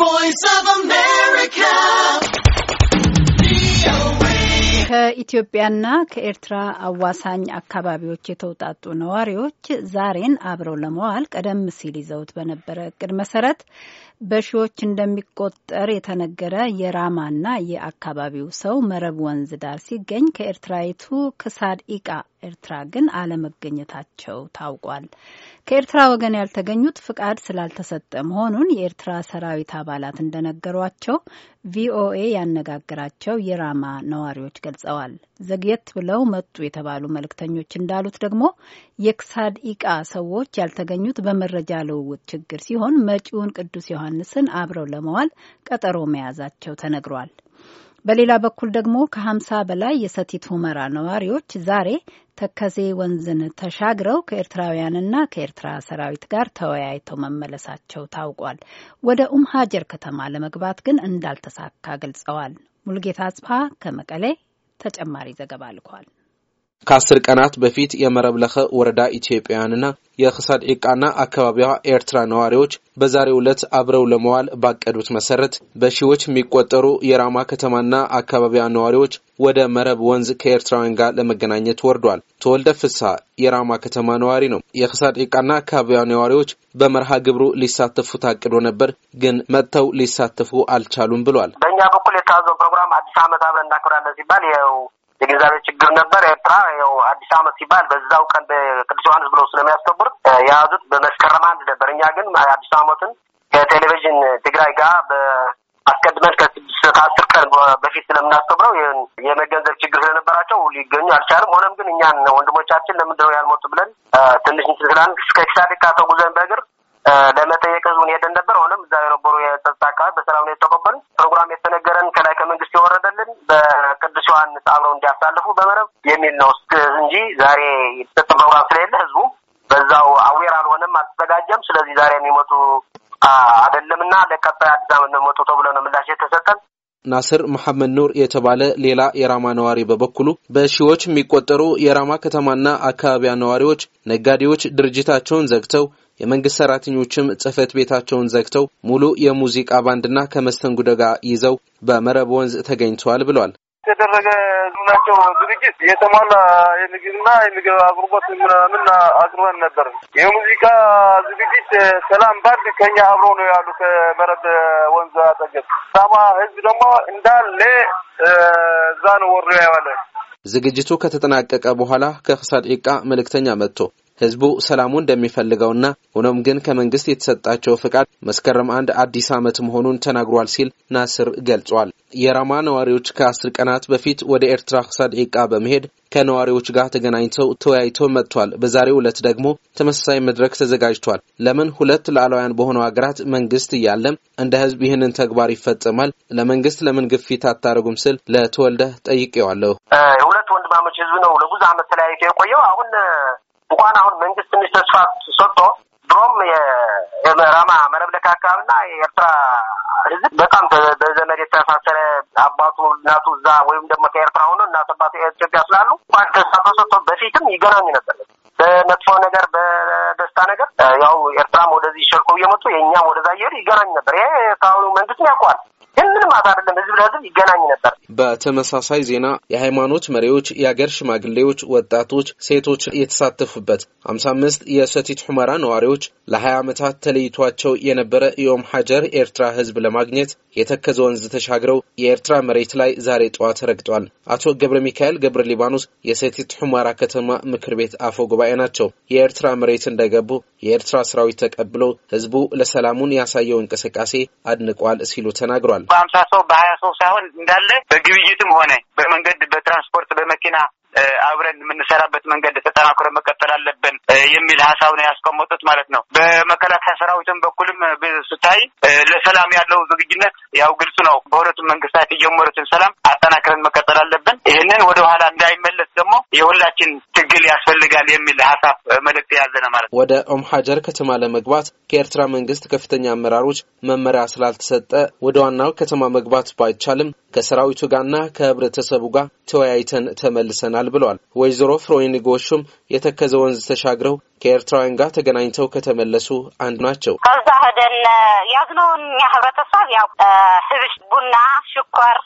voice of America. ከኢትዮጵያና ከኤርትራ አዋሳኝ አካባቢዎች የተውጣጡ ነዋሪዎች ዛሬን አብረው ለመዋል ቀደም ሲል ይዘውት በነበረ እቅድ መሰረት በሺዎች እንደሚቆጠር የተነገረ የራማና የአካባቢው ሰው መረብ ወንዝ ዳር ሲገኝ ከኤርትራዊቱ ክሳድ ኢቃ ኤርትራ ግን አለመገኘታቸው ታውቋል። ከኤርትራ ወገን ያልተገኙት ፍቃድ ስላልተሰጠ መሆኑን የኤርትራ ሰራዊት አባላት እንደነገሯቸው ቪኦኤ ያነጋገራቸው የራማ ነዋሪዎች ገልጸዋል። ዘግየት ብለው መጡ የተባሉ መልእክተኞች እንዳሉት ደግሞ የክሳድ ኢቃ ሰዎች ያልተገኙት በመረጃ ልውውጥ ችግር ሲሆን መጪውን ቅዱስ ዮሐንስን አብረው ለመዋል ቀጠሮ መያዛቸው ተነግሯል። በሌላ በኩል ደግሞ ከሀምሳ በላይ የሰቲት ሁመራ ነዋሪዎች ዛሬ ተከዜ ወንዝን ተሻግረው ከኤርትራውያንና ከኤርትራ ሰራዊት ጋር ተወያይተው መመለሳቸው ታውቋል። ወደ ኡም ሀጀር ከተማ ለመግባት ግን እንዳልተሳካ ገልጸዋል። ሙልጌታ ጽፋ ከመቀሌ ተጨማሪ ዘገባ ልኳል። ከአስር ቀናት በፊት የመረብ ለኸ ወረዳ ኢትዮጵያውያንና የክሳድ ዒቃና አካባቢዋ ኤርትራ ነዋሪዎች በዛሬው ዕለት አብረው ለመዋል ባቀዱት መሰረት በሺዎች የሚቆጠሩ የራማ ከተማና አካባቢዋ ነዋሪዎች ወደ መረብ ወንዝ ከኤርትራውያን ጋር ለመገናኘት ወርዷል። ተወልደ ፍሳ የራማ ከተማ ነዋሪ ነው። የክሳድ ዒቃና አካባቢዋ ነዋሪዎች በመርሃ ግብሩ ሊሳተፉ ታቅዶ ነበር፣ ግን መጥተው ሊሳተፉ አልቻሉም ብሏል። በእኛ በኩል የታዘው ፕሮግራም አዲስ ዓመት አብረን እናክብራለን ሲባል የግንዛቤ ችግር ነበር። ኤርትራ ያው አዲስ አመት ሲባል በዛው ቀን በቅዱስ ዮሐንስ ብለው ስለሚያስከብሩት የያዙት በመስከረም አንድ ነበር። እኛ ግን አዲስ ዓመትን ከቴሌቪዥን ትግራይ ጋር በአስቀድመን ከስድስት ከአስር ቀን በፊት ስለምናስከብረው ይህን የመገንዘብ ችግር ስለነበራቸው ሊገኙ አልቻልም። ሆነም ግን እኛን ወንድሞቻችን ለምንድነው ያልሞቱ ብለን ትንሽ እንትን እስከ ኪሳድካ ተጉዘን በእግር ለመጠየቅ ህዝቡን ሄደን ነበር። ሆነም እዛ የነበሩ የጸጥታ አካባቢ በሰላም ነው የተቆበል ፕሮግራም የተነገረን ከላይ ከመንግስት የወረደልን በቅዱስ ዮሐንስ አብረው እንዲያሳልፉ በመረብ የሚል ነው እንጂ ዛሬ ጥጥ ፕሮግራም ስለሌለ ህዝቡ በዛው አዌር አልሆነም፣ አልተዘጋጀም። ስለዚህ ዛሬ የሚመጡ አይደለም እና ለቀጣይ አዲስ ዓመት ነው መጡ ተብሎ ነው ምላሽ የተሰጠን። ናስር መሐመድ ኑር የተባለ ሌላ የራማ ነዋሪ በበኩሉ በሺዎች የሚቆጠሩ የራማ ከተማና አካባቢያ ነዋሪዎች ነጋዴዎች ድርጅታቸውን ዘግተው የመንግስት ሰራተኞችም ጽህፈት ቤታቸውን ዘግተው ሙሉ የሙዚቃ ባንድና ከመስተንጉደጋ ይዘው በመረብ ወንዝ ተገኝተዋል ብለዋል። የተደረገ ናቸው ዝግጅት የተሟላ የምግብና የምግብ አቅርቦት ምን አቅርበን ነበር። የሙዚቃ ዝግጅት ሰላም ባንድ ከኛ አብሮ ነው ያሉ ከበረድ ወንዝ አጠገብ ሳማ ህዝብ ደግሞ እንዳለ እዛ ነው ወርዶ ያዋለ። ዝግጅቱ ከተጠናቀቀ በኋላ ከክሳድ ዒቃ መልእክተኛ መጥቶ ህዝቡ ሰላሙ እንደሚፈልገውና ሆኖም ግን ከመንግስት የተሰጣቸው ፍቃድ መስከረም አንድ አዲስ ዓመት መሆኑን ተናግሯል ሲል ናስር ገልጿል። የራማ ነዋሪዎች ከአስር ቀናት በፊት ወደ ኤርትራ ሳድዒቃ በመሄድ ከነዋሪዎች ጋር ተገናኝተው ተወያይተው መጥቷል። በዛሬው ዕለት ደግሞ ተመሳሳይ መድረክ ተዘጋጅቷል። ለምን ሁለት ሉዓላውያን በሆነው ሀገራት መንግስት እያለም እንደ ህዝብ ይህንን ተግባር ይፈጸማል? ለመንግስት ለምን ግፊት አታደርጉም? ስል ለተወልደ ጠይቄዋለሁ። ሁለት ወንድማሞች ህዝብ ነው ለብዙ አመት ተለያይቶ የቆየው አሁን እንኳን አሁን መንግስት ትንሽ ተስፋ ሰጥቶ ድሮም የራማ መረብደካ አካባቢና የኤርትራ ህዝብ በጣም በዘመድ የተሳሰረ አባቱ እናቱ እዛ ወይም ደግሞ ከኤርትራ ሆኖ እናት አባቱ ኢትዮጵያ ስላሉ እንኳን ተስፋ ተሰጥቶ በፊትም ይገናኙ ነበር። በመጥፎ ነገር፣ በደስታ ነገር ያው ኤርትራም ወደዚህ ሸልኮ እየመጡ የእኛም ወደዛ እየሄዱ ይገናኙ ነበር። ይሄ ከአሁኑ መንግስት ያውቀዋል። ምንም ማለት አይደለም። ህዝብ ለህዝብ ይገናኝ ነበር። በተመሳሳይ ዜና የሃይማኖት መሪዎች፣ የአገር ሽማግሌዎች፣ ወጣቶች፣ ሴቶች የተሳተፉበት ሀምሳ አምስት የሰቲት ሁመራ ነዋሪዎች ለሀያ ዓመታት ተለይቷቸው የነበረ የኦም ሀጀር ኤርትራ ህዝብ ለማግኘት የተከዘ ወንዝ ተሻግረው የኤርትራ መሬት ላይ ዛሬ ጠዋት ረግጠዋል። አቶ ገብረ ሚካኤል ገብረ ሊባኖስ የሴቲት ሑመራ ከተማ ምክር ቤት አፈ ጉባኤ ናቸው። የኤርትራ መሬት እንደገቡ የኤርትራ ሰራዊት ተቀብለው ህዝቡ ለሰላሙን ያሳየው እንቅስቃሴ አድንቋል ሲሉ ተናግሯል። በሀምሳ ሰው በሀያ ሰው ሳይሆን እንዳለ በግብይትም ሆነ በመንገድ በትራንስፖርት በመኪና አብረን የምንሰራበት መንገድ ተጠናክሮ መቀጠል አለብን የሚል ሀሳብ ነው ያስቀመጡት ማለት ነው። በመከላከያ ሰራዊትም በኩል ስታይ ለሰላም ያለው ዝግጅነት ያው ግልጽ ነው። በሁለቱም መንግስታት የጀመሩትን ሰላም አጠናክረን መቀጠል አለብን። ይህንን ወደ ኋላ እንዳይመለስ ደግሞ የሁላችን ትግል ያስፈልጋል የሚል ሀሳብ መልእክት የያዘ ነው ማለት ነው። ወደ ኦም ሀጀር ከተማ ለመግባት ከኤርትራ መንግስት ከፍተኛ አመራሮች መመሪያ ስላልተሰጠ ወደ ዋናው ከተማ መግባት ባይቻልም ከሰራዊቱ ጋርና ከህብረተሰቡ ጋር ተወያይተን ተመልሰናል ብለዋል። ወይዘሮ ፍሮይን ጎሹም የተከዘ ወንዝ ተሻግረው ከኤርትራውያን ጋር ተገናኝተው ከተመለሱ አንዱ ናቸው። ከዛ ሄደን ያዝነውን እኛ ህብረተሰብ ያው ህብሽ፣ ቡና፣ ሽኳር፣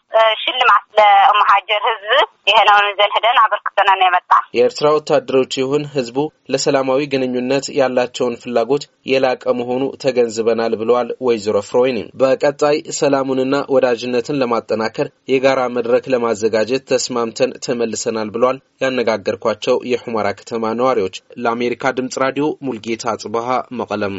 ሽልማት ለመሀጀር ህዝብ የሄነውን ዘን ሄደን አበርክተን የመጣ። የኤርትራ ወታደሮች ይሁን ህዝቡ ለሰላማዊ ግንኙነት ያላቸውን ፍላጎት የላቀ መሆኑ ተገንዝበናል ብለዋል ወይዘሮ ፍሮይኒ። በቀጣይ ሰላሙንና ወዳጅነትን ለማጠናከር የጋራ መድረክ ለማዘጋጀት ተስማምተን ተመልሰናል ብለዋል ያነጋገርኳቸው የሑመራ ከተማ ነዋሪዎች። ለአሜሪካ ድምጽ ራዲዮ ሙልጌታ ጽበሃ መቀለም